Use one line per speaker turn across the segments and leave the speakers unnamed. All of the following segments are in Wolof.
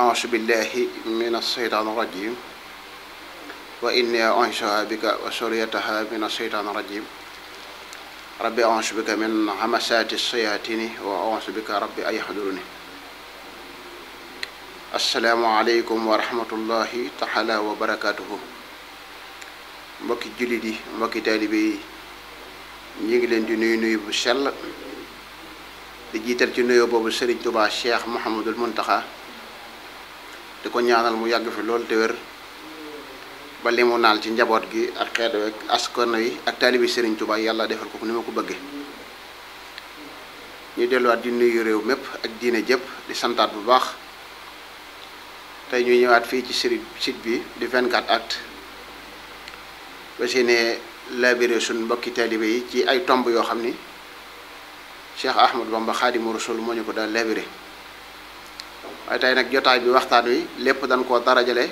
أعوذ بالله من الشيطان الرجيم وإني أنشأ بك وسريتها من الشيطان الرجيم ربي أعوذ بك من همسات الشياطين وأعوذ بك ربي أن يحضرني السلام عليكم ورحمة الله تعالى وبركاته mbokki jullit yi mbokki taalibe yi ñu ngi leen di nuyu nuyu bu sell di jiital ci nuyu boobu Serigne Touba Cheikh Mouhamadul Mountakha di ko ñaanal mu yàgg fi loolu te ba limonaal ci njaboot gi ak xeet wi ak askan wi ak taalibi Serigne Touba yàlla defal ko ni ma ko bëggee ñu delluwaat di nuyu réew mépp ak diine jëpp di santaat bu baax tey ñu ñëwaat fii ci siri bi di 24 actu basi ne labiré suñ mbokki taalibe yi ci ay tomb yoo xam ni Cheikh Ahmad Bamba Xaadimu Rasul moo ñu ko daal labiré waaye tey nag jotaay bi waxtaan wi lépp dañ koo darajale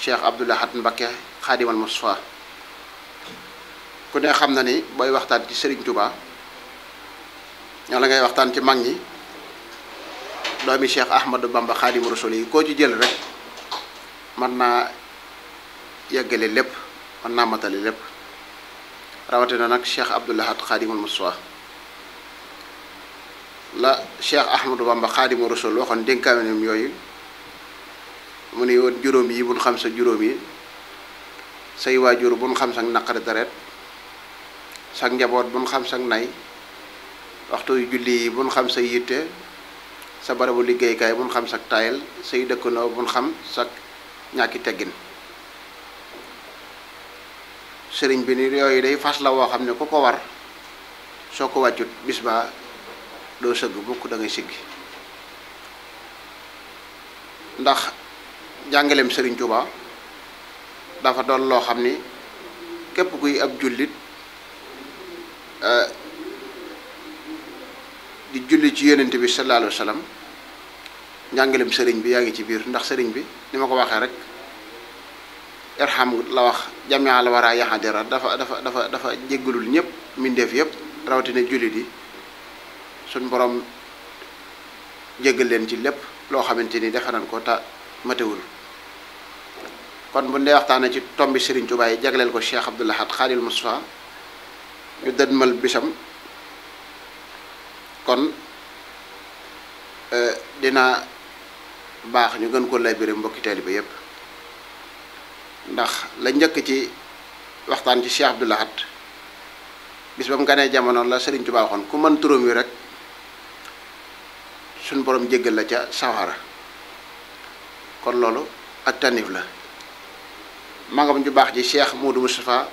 Cheikh Abdoul Ahad Mbacké Xaadimal Mustafaa ku ne xam na ni booy waxtaan ci Serigne Touba ñoo la ngay waxtaan ci mag ñi doomi Cheikh Ahmadou Bamba Xaadimu Rasuul yi koo ci jël rek mën naa yeggale lépp man naa matale lépp na nag Cheikh Abdoul Ahad Xaadimal Mustafaa la Cheikh Ahmadou Bamba Xaadimu Rasul waxoon dénkaaneem yooyu mu ne woon juróom yi buñ xam sa juróom yi say waajur buñ xam sa naqari deret sa njaboot buñ xam sa nay waxtu julli yi buñ xam sa yitte sa barabu liggéeykaay buñ xam sa taayal say bu buñ xam sa ñàkki teggin sëriñ bi ni yooyu day fas la woo xam ne ku ko war soo ko wàccut bis doo sëgg bukk da ngay ndax jàngaleem sëriñ Touba dafa doon loo xam ni képp kuy ab jullit euh, di julli ci yonent bi sallallahu alayhi sëriñ bi yaa ngi ci biir ndax sëriñ bi ni ko waxee rek irham la wax jamia la war a yaxadira dafa dafa dafa dafa jéggalul ñëpp mbindeef yëpp rawatina jullit yi suñ boroom jéggal leen ci lépp loo xamante ni defe nañ ko ta matewul kon bu dee waxtaanee ci tombi Serigne Touba yi jagleel ko Cheikh Abdou Lahad Khadimou Moustapha ñu mal bisam kon euh, dina baax ñu gën ko laybiré mbokki bi yépp ndax la njëkk ci waxtaan ci Cheikh Abdou Lahad bis ba mu ganee jamono la Serigne Touba ku mën turam wi rek suñ boroom jéggal la ca sawara kon loolu ak tanif la magam ju baax ji cheikh Modou Moustapha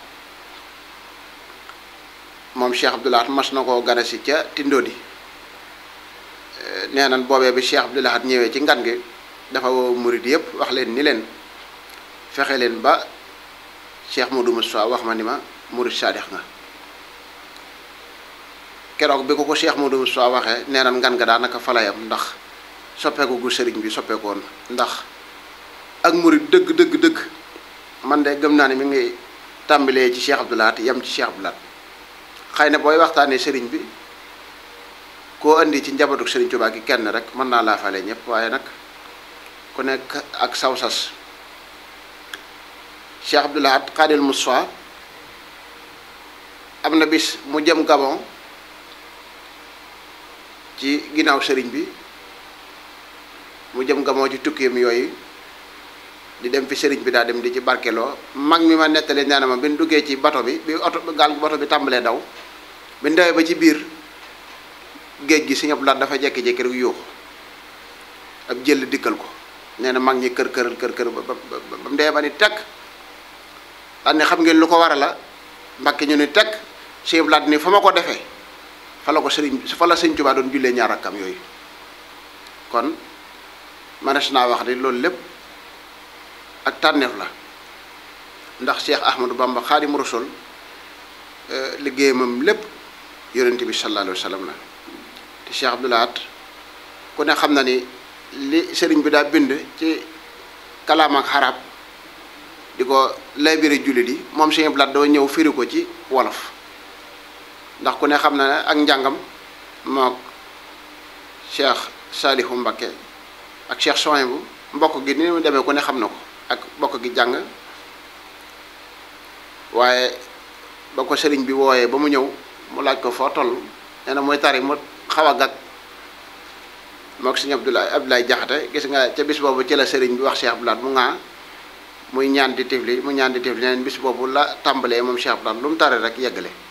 moom cheikh Abdoulahat mas na koo ganasi ca Tindodi eh, nee nan boobee bi cheikh Abdoulahat ñëwee ci ngan gi dafa woo murid yëpp wax leen ni leen fexe leen ba cheikh Modou Moustapha wax ma ni ma murid saadix nga keroog bi ko ko Cheikh Modou Moussa waxee nee na ngan nga daanaka falayam ndax soppeeku gu sëriñ bi soppeekoon ndax ak murid dëgg dëgg dëgg man de gëm naa ne mu ngi tàmbalee ci Cheikh Abdou Lahad yem ci Cheikh Abdou Lahad xëy na booy waxtaanee sëriñ bi koo indi ci njabootu sëriñ Tuubaa gi kenn rek mën naa laa fale ñëpp waaye nag ku nekk ak saw sas Cheikh Abdou Lahad Xaadil Moussa am na bis mu jëm Gabon. ci ginnaaw sëriñ bi mu jëm nga moo ci tukkeem yooyu di dem fi sëriñ bi daa dem di ci barkeloo mag mi ma nettali nee na ma duggee ci bato bi bi oto gaal bato bi tàmbalee daw bi ñu ba ci biir géej gi si ñëpp laat dafa jékki-jékki rek yuuxu ab jël dikkal ko nee mag ñi kër këral kër kër ba ba ba mu dee ba ni tekk daan ne xam ngeen lu ko war la mbakki ñu ni tekk si ñëpp laat ni fa ma ko defee. fa la ko sëriñ fa la sëriñ Tuubaa doon jullee ñaar rakkam yooyu kon manees naa wax ni loolu lépp ak tànneef la ndax Cheikh Ahmadou Bamba Xaadimu Rasuul eh, liggéeyamam lépp yonent bi sallallaahu alayhi wa la te Cheikh Abdou Lahad ku ne xam na ni li sëriñ bi daa bind ci kalaam xarab di ko laybiri jullit yi moom Cheikh Abdou Lahad doo ñëw firi ko ci wolof ndax ku ne xam na ne ak njàngam mook cheikh saalihu mbakke ak cheikh Souhaïbou mbokk gi ni mu demee ku ne xam na ko ak mbokk gi jàng waaye ba ko sëriñ bi wooyee ba mu ñëw mu laaj ko foo toll nee na mooy tari mu xaw a gàgg mook sëñ Abdoulaye Abdoulaye Jaxate gis nga ca bis boobu ci la sëriñ bi wax Cheikh Abdoulaye mu ŋaa muy ñaan di tifli mu ñaan di tifli neen bis boobu la tàmbalee moom Cheikh Abdoulaye lu mu tari rek yeggale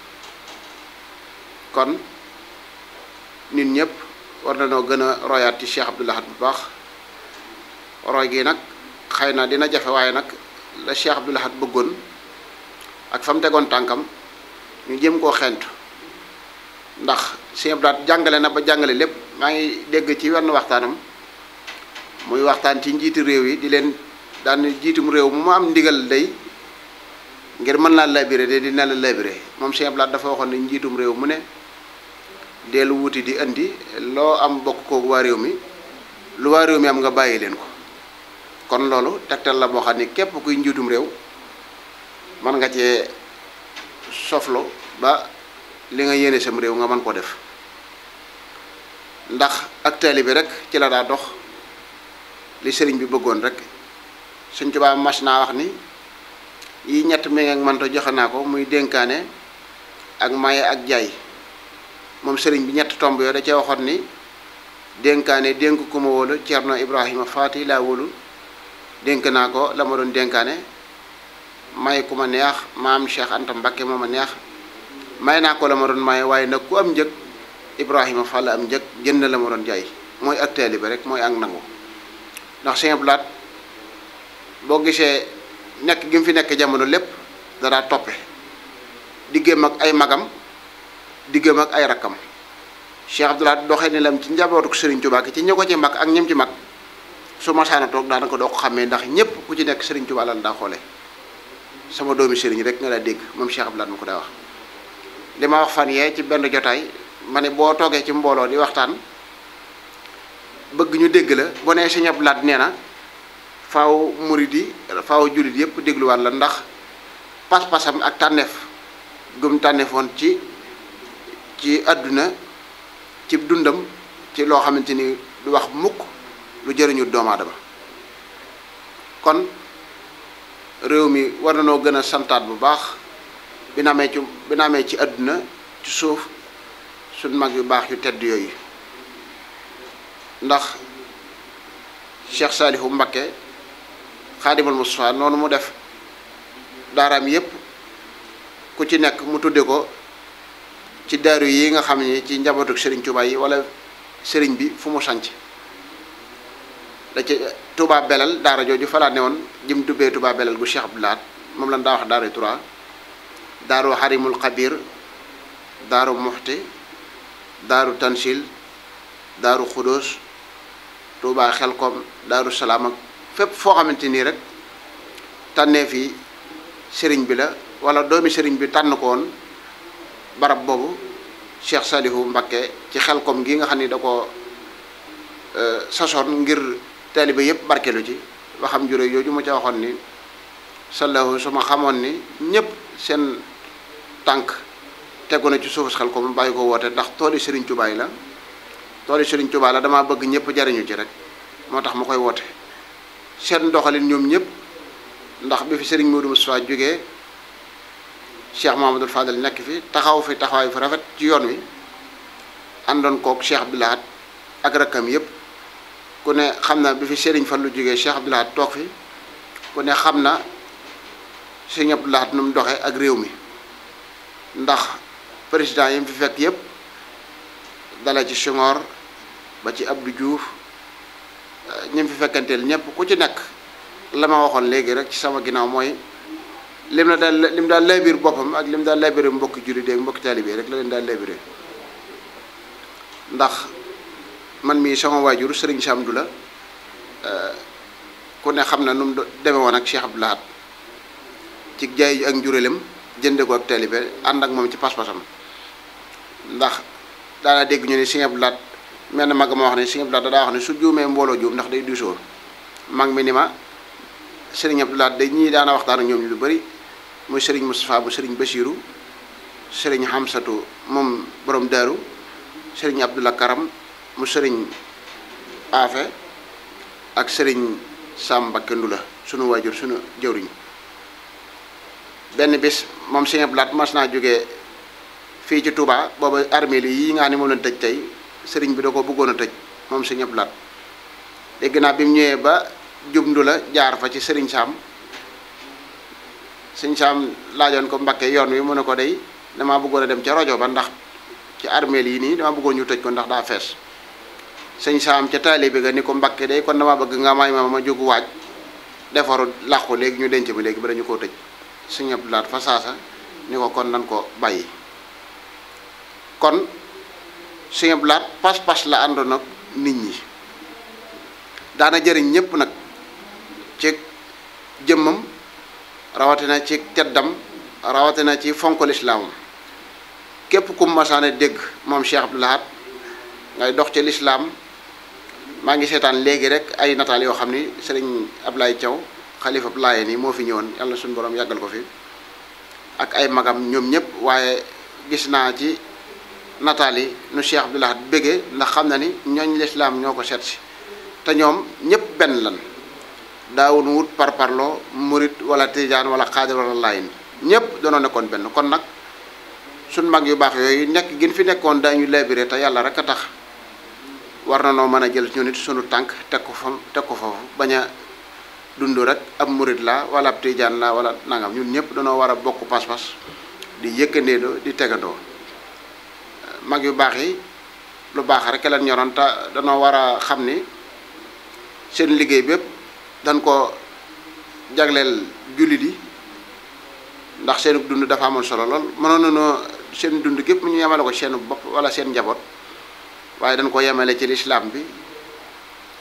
kon nit ñëpp war nañoo gën a royaat ci Cheikh Abdoul Ahad bu baax roy gi nag xëy naa dina jafe waaye nag la Cheikh Abdoul Ahad bëggoon ak fa mu tegoon tànkam ñu jëm koo xentu ndax Cheikh Abdoul jàngale na ba jàngale lépp maa ngi dégg ci wenn waxtaanam muy waxtaan ci njiitu réew yi di leen daan jiitum réew mu am ndigal day ngir mën laa labiré de di la labiré moom Cheikh Abdoul dafa waxoon ne njiitum réew mu ne dellu wuti di indi loo am bokk koog waa réew mi lu waa réew mi am nga bàyyi leen ko kon loolu tegtal la boo xam ni képp kuy njiitum réew mën nga cee soflo ba li nga yéene sam réew nga mën ko def ndax ak taalibe bi rek ci la daa dox li sëriñ bi bëggoon rek Sëñ Tuubaa mas naa wax ni yi ñett mi ngeeg joxe naa ko muy dénkaane ak maye ak jaay moom sëriñ bi ñett tomb yooyu da cee waxoon ni dénkaane dénk ku ma wóolu Ceerno Ibrahima Faati laa wóolu dénk naa ko la ma doon dénkaane may ku ma neex maam Cheikh Anta Mbakke moo ma neex may naa ko la ma doon may waaye nag ku am njëg Ibrahima Fall am njëg jënd la ma doon jaay mooy ak taalibe rek mooy ak nangu ndax Sëñ Abdu boo gisee nekk gi mu fi nekk jamono lépp daraa toppe diggéem ak ay magam diggam ak ay rakkam Cheikh Abdoulaye doxee ni lam ci njabootu ko Serigne Touba ci ñi ko ci mag ak ñim ci mag su masaana toog daanaka doo ko xamee ndax ñëpp ku ci nekk Serigne Touba lan daa xoole sama doomi sëriñ rek nga daa dégg moom Cheikh Abdoulaye ma ko daa wax. li ma wax fan yee ci benn jotaay ma ne boo toogee ci mbooloo di waxtaan bëgg ñu dégg la bu nee Serigne nee na faw murid yi faaw jullit yëpp dégluwaat la ndax pas-pasam ak tànneef gum tànneefoon ci. ci àdduna ci dundam ci loo xamante ni du wax mukk lu jëriñu doomaadama kon réew mi war na noo gën a santaat bu baax bi na amee ci àdduna ci suuf suñ mag yu baax yu tedd yooyu ndax Cheikh Saalihu Mbakke Xaadimal Mustafaa noonu mu def daaraam yépp ku ci nekk mu tudde ko ci daaru yi nga xam ne ci njabootuk Serigne Touba yi wala sëriñ bi fu mu sanc da ci Belal daara jooju fa laa ne woon jëm dubbee Touba Belal gu Cheikh Abdoulaat moom lan daa wax daaru Turaa daaru Harimul Xabir daaru Muxti daaru Tansil daaru Xudóos Touba Xelkom daaru Salaam ak fépp foo xamante nii rek tànnee fi sëriñ bi la wala doomi sëriñ bi tànn ko barab boobu Cheikh Salihu Mbakke ci xel koom gi nga xam ni da ko e, sasoon ngir taaliba yëpp barkelu ci waxam juré yooyu mu ca waxoon ni sallahu su ma xamoon ni ñëpp seen tànk tegu na ci suufus xelkom bàyyi ko woote ndax tooli Serigne Touba yi la tooli Serigne Touba la damaa bëgg ñëpp jariñu ci rek moo tax ma koy woote seen doxalin ñoom ñëpp ndax bi fi Serigne Modou Moustapha jógee cheikh Mahamadul Fadal nekk fi taxaw fi taxawaay fu rafet ci yoon wi àndoon kook cheikh Abdou Lahad ak rakkam yëpp ku ne xam na bi fi Serigne Fallou jógee cheikh Abdou Lahad toog fi ku ne xam na Serigne Abdou Lahad nu mu doxee ak réew mi ndax président yi mu fi fekk yëpp dala ci Senghor ba ci Abdou Diouf ñi mu fi fekkanteel ñëpp ku ci nekk la ma waxoon léegi rek ci sama ginnaaw mooy. lim na daal lim daal laabir boppam ak lim daal laabiré mbokki jullit yi mbokki taalibe rek la leen daal laabiré ndax man mii sama waajur sëriñ Sam du la ku ne xam na num mu demee woon ak Cheikh laat ci jaay ak njuréelam jënde ko ab taalibe ànd ak moom ci pas-pasam ndax daanaa dégg ñu ne Cheikh Abdou Lahad mel na mag ma wax ne Cheikh Abdou Lahad wax ne su juumee mbooloo juum ndax day diisoo mag mi ni ma Sëriñ laat Lahad day ñii daana waxtaan ak ñoom ñu lu bari muy sëriñ Moustapha bu sëriñ Bachirou sëriñ Hamsatu moom boroom daaru sëriñ Abdoulah Karam mu sëriñ Afe ak sëriñ Sam Mbakke Ndula sunu waajur sunu jëwriñ benn bis moom sëriñ Abdoulaat mas naa jóge fii ci Touba booba armée yi nga xam ne moom lañ tëj tey sëriñ bi da ko bëggoon a tëj moom sëriñ Abdoulaat dégg naa bi mu ñëwee ba jubndu la jaar fa ci sëriñ Sam sëñ saam laajoon ko Mbakke yoon wi mu ne ko day damaa bëggoon a dem ca rajo ba ndax ci armeel yi nii damaa bëggoon ñu tëj ko ndax daa fees sëñ saam ca taalibe ga ni ko Mbakke day kon damaa bëgg nga may ma ma jógu waaj defaru làqu léegi ñu denc bi léegi ba koo tëj sëñ Abdu Lahat fa saasa ni ko kon kon sëñ pas-pas la àndoon ak nit ñi daana jëriñ ñépp nag ci jëmmam rawatina ci teddam rawatina ci fonk lislaamam képp kum masaane dégg moom Cheikh Abdou Lahad ngay dox ci lislaam maa ngi seetaan léegi rek ay nataal yoo xam ni sëriñ Ablaye caw xalifa laay nii moo fi ñëwoon yàlla suñ borom yàggal ko fi ak ay magam ñoom ñëpp waaye gis naa ci nataal yi nu Cheikh Abdou Lahad ndax xam na ni ñooñ lislaam ñoo ko seet si te ñoom ñëpp benn lan daawun wut par parlo murit wala tijaan wala xaajar wala laayin ñëpp danoo nekkoon benn kon nag suñ mag yu baax yooyu nekk gin fi nekkoon daañu labiré te yàlla rek a tax war na noo mën a jël ñu nit sunu tànk teg ko fa teg ko foofu bañ a dund rek ab murit la wala ab tijaan la wala nangam ñun ñëpp danoo war a bokk pas-pas di yëkkandeedoo di tegandoo mag yu baax yi lu baax rek leen ñoroon te danoo war a xam ni seen liggéey bépp dañ ko jagleel jullit yi ndax seen dund dafa amoon solo lool mënoon nañoo seen dund gépp mu ñu yemale ko ci seenu bopp wala seen njaboot waaye dañ ko yemale ci lislaam bi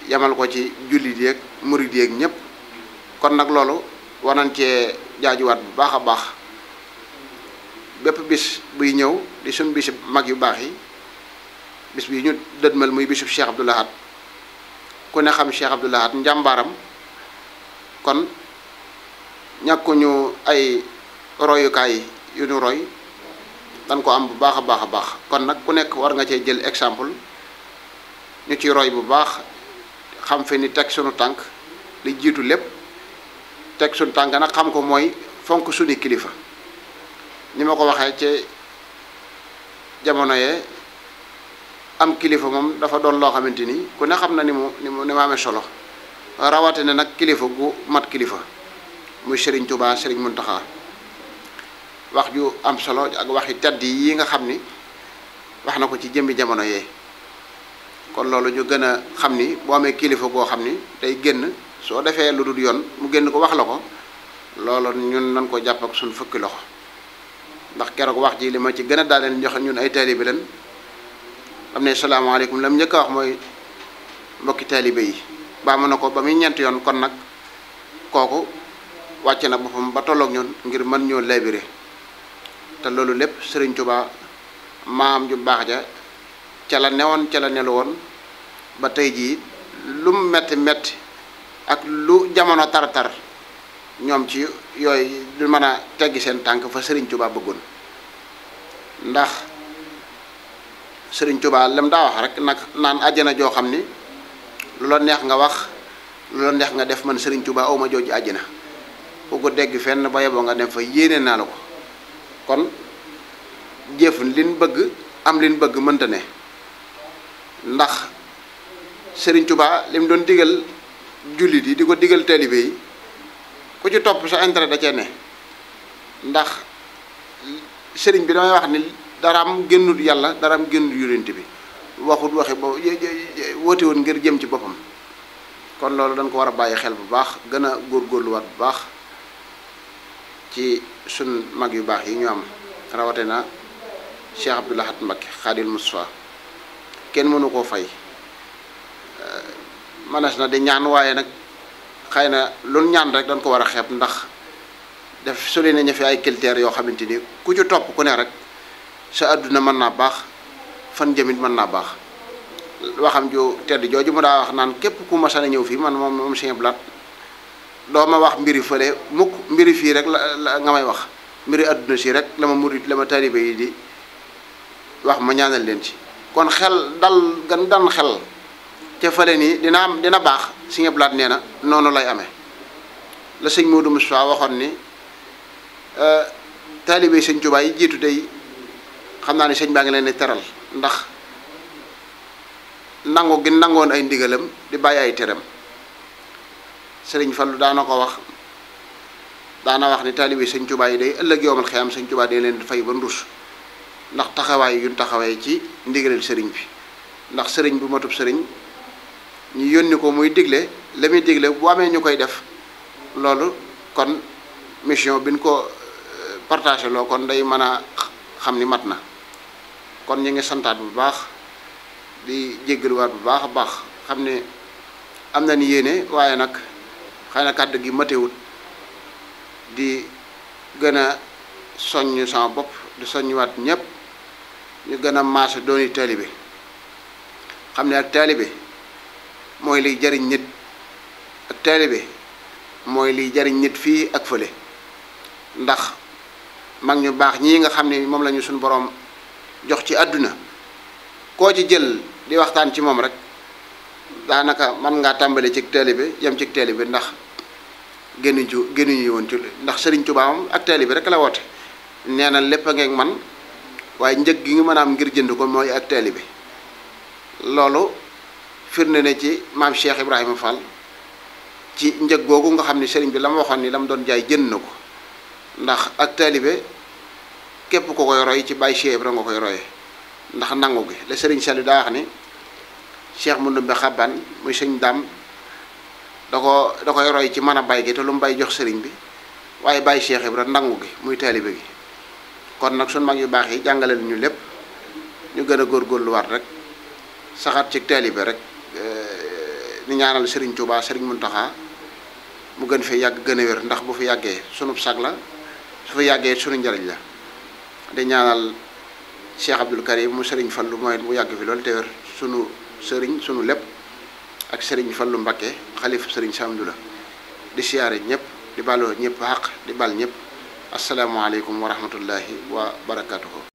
yemal ko ci jullit yeeg murid yeeg ñëpp kon nag loolu war nañ cee jaajuwaat bu baax a baax bépp bis buy ñëw di suñ bisub mag yu baax yi bis bi ñu dëdmal muy bisub Cheikh Abdoul Ahad ku ne xam Cheikh Abdoul Ahad njàmbaaram kon ñàkkuñu ay royukaay yu ñu roy dañ ko am bu baax a baax a baax kon nag ku nekk war nga cee jël exemple ñu ci roy bu baax xam fi ni teg sunu tànk li jiitu lépp teg sunu tànk nag xam ko mooy fonk suñu kilifa ni ma ko waxee ci jamono yee am kilifa moom dafa doon loo xamante ni ku ne xam na ni mu ni mu ni mu amee solo rawatina nag kilifa gu mat kilifa muy sëriñ Serigne sëriñ mun Mountakha wax ju am solo ak waxi tedd yi nga xam ni wax na ko ci jëmmi jamono yee kon loolu ñu gën a xam ni boo amee kilifa goo xam ni day génn soo defee lu dul yoon mu génn ko wax la ko loolu ñun nan ko jàpp ak suñu fukki loxo ndax keroog wax ji li ma ci gën a daal leen joxe ñun ay taalibe lañ am ne salaamaaleykum lam njëkk a wax mooy mbokki taalibe yi. baamu na ko ba muy ñeent yoon kon nag kooku wàcc na boppam ba tolloog ñun ngir mën ñoo leebire te loolu lépp Sëriñ Tuubaa maam ju baax ja ca la newoon ca la nelu woon ba tey jii lu mu metti metti ak lu jamono tar-tar ñoom ci yooyu du mën a teggi seen tànk fa Sëriñ Tuubaa bëggoon ndax Sëriñ Tuubaa lam daa wax rek nag naan àjjana joo xam ni lu la neex nga wax lu la neex nga def man Serigne Touba aw ma jooju àjjina ku ko dégg fenn ba yeboo nga dem fa yéene naa la ko kon jëf liñ bëgg am liñ bëgg mënta ne ndax sëriñ Touba li doon digal jullit yi di ko digal taalibe yi ku ci topp sa intérêt da cee ne ndax sëriñ bi damay wax ni daraam génnut yàlla daraam génnut yonent bi waxut waxi ba woote woon ngir jëm ci boppam kon loolu dañ ko war a bàyyi xel bu baax gën a góorluwaat bu baax ci sun mag yu baax yi ñu am rawate na Cheikh Abdou Lahad Mbacké Xaadil Mustafa kenn mënu koo fay euh, manas na di ñaan waaye nag xëy na lu ñaan rek dañ ko war a xeeb ndax def soli nañu fi ay critères yoo xamante ni ku ci topp ku ne rek sa àdduna mën naa baax fan jëmit mën naa baax waxam ju tedd jooju mu daa wax naan képp ku masana ñëw fii man moom moom Sëñ Blaat doo ma wax mbiri fële mukk mbiri fii rek la nga may wax mbiri adduna si rek la ma murit la ma taalibe yi di wax ma ñaanal leen ci kon xel dal gan dan xel te fële nii dina am dina baax Sëñ Blaat nee na noonu lay ame la sëñ Modou Moustapha waxoon ni euh, taalibe sëñ Tuubaa yi jiitu day xam naa ne sëñ baa ngi leen di teral ndax nangu gi nangoon ay ndigalam di bàyyi ay teram sëriñ Fallu daana ko wax daana wax ni taalibe sëñ Tuubaa yi day ëllëg yowmal xiyaam sëñ Tuubaa day leen di fay ba ndus ndax taxawaay yu ñu taxawee ci ndigalal sëriñ bi ndax sëriñ bu matub sëriñ ñu yónni ko muy digle la muy digle bu amee ñu koy def loolu kon mission bi ñu ko euh, partagé loo kon day mën a xam ni mat na kon ñu ngi santaat bu baax di jéggaluwaat bu baax a baax xam ne am na ni yéene waaye nag xëy kàdd gi matewut di gën a soññ sama bopp di soññuwaat ñëpp ñu gën a maase dooni taalibe xam ne ak taalibe mooy liy jariñ nit ak taalibe mooy liy jariñ nit fii ak fële ndax mag ñu baax ñii nga xam ne moom lañu suñu boroom jox ci àdduna koo ci jël di waxtaan ci moom rek daanaka man ngaa tàmbale ci taalibe yem ci taalibe ndax génnuñu ci génnuñu woon ci ndax Sëriñ Tuubaa moom ak taalibe rek la woote nee na lépp a man waaye njëg gi nga mën a am ngir jënd ko mooy ak taalibe loolu firnde ne ci maam Cheikh Ibrahima Fall ci njëg googu nga xam ne sëriñ bi lam waxoon ni la doon jaay jënd na ko ndax ak taalibe képp ku koy roy ci Baye Cheikh Ibra nga koy roy ndax nangu gi la Serigne Saliou daa wax ni Cheikh Moudoumbe Xaban muy sëñ Dame da ko da koy roy ci man a bay gi te lu mu bay jox sëriñ bi waaye Baye Cheikh Ibra nangu gi muy taalibe gi kon nag sunu mag yu baax yi jàngaleel ñu lépp ñu gën a góor góorgóorluwaat rek saxaat ci taalibe rek ni eh, ñaanal Serigne sëriñ Serigne taxaa mu gën fi yàgg gën a wér ndax bu fi yàggee sunub sag la su fi yàggee sunu njariñ la. di ñaanal Cheikh Abdoul Karim mu Serigne Fallou mooy mu yàgg fi loolu te wér sunu Serigne sunu lépp ak Serigne Fallou Mbacké xalifa Serigne Samdou la di siyaare ñëpp di baloo ñëpp xaq di bal ñëpp asalaamualeykum wa rahmatullahi wa barakatuhu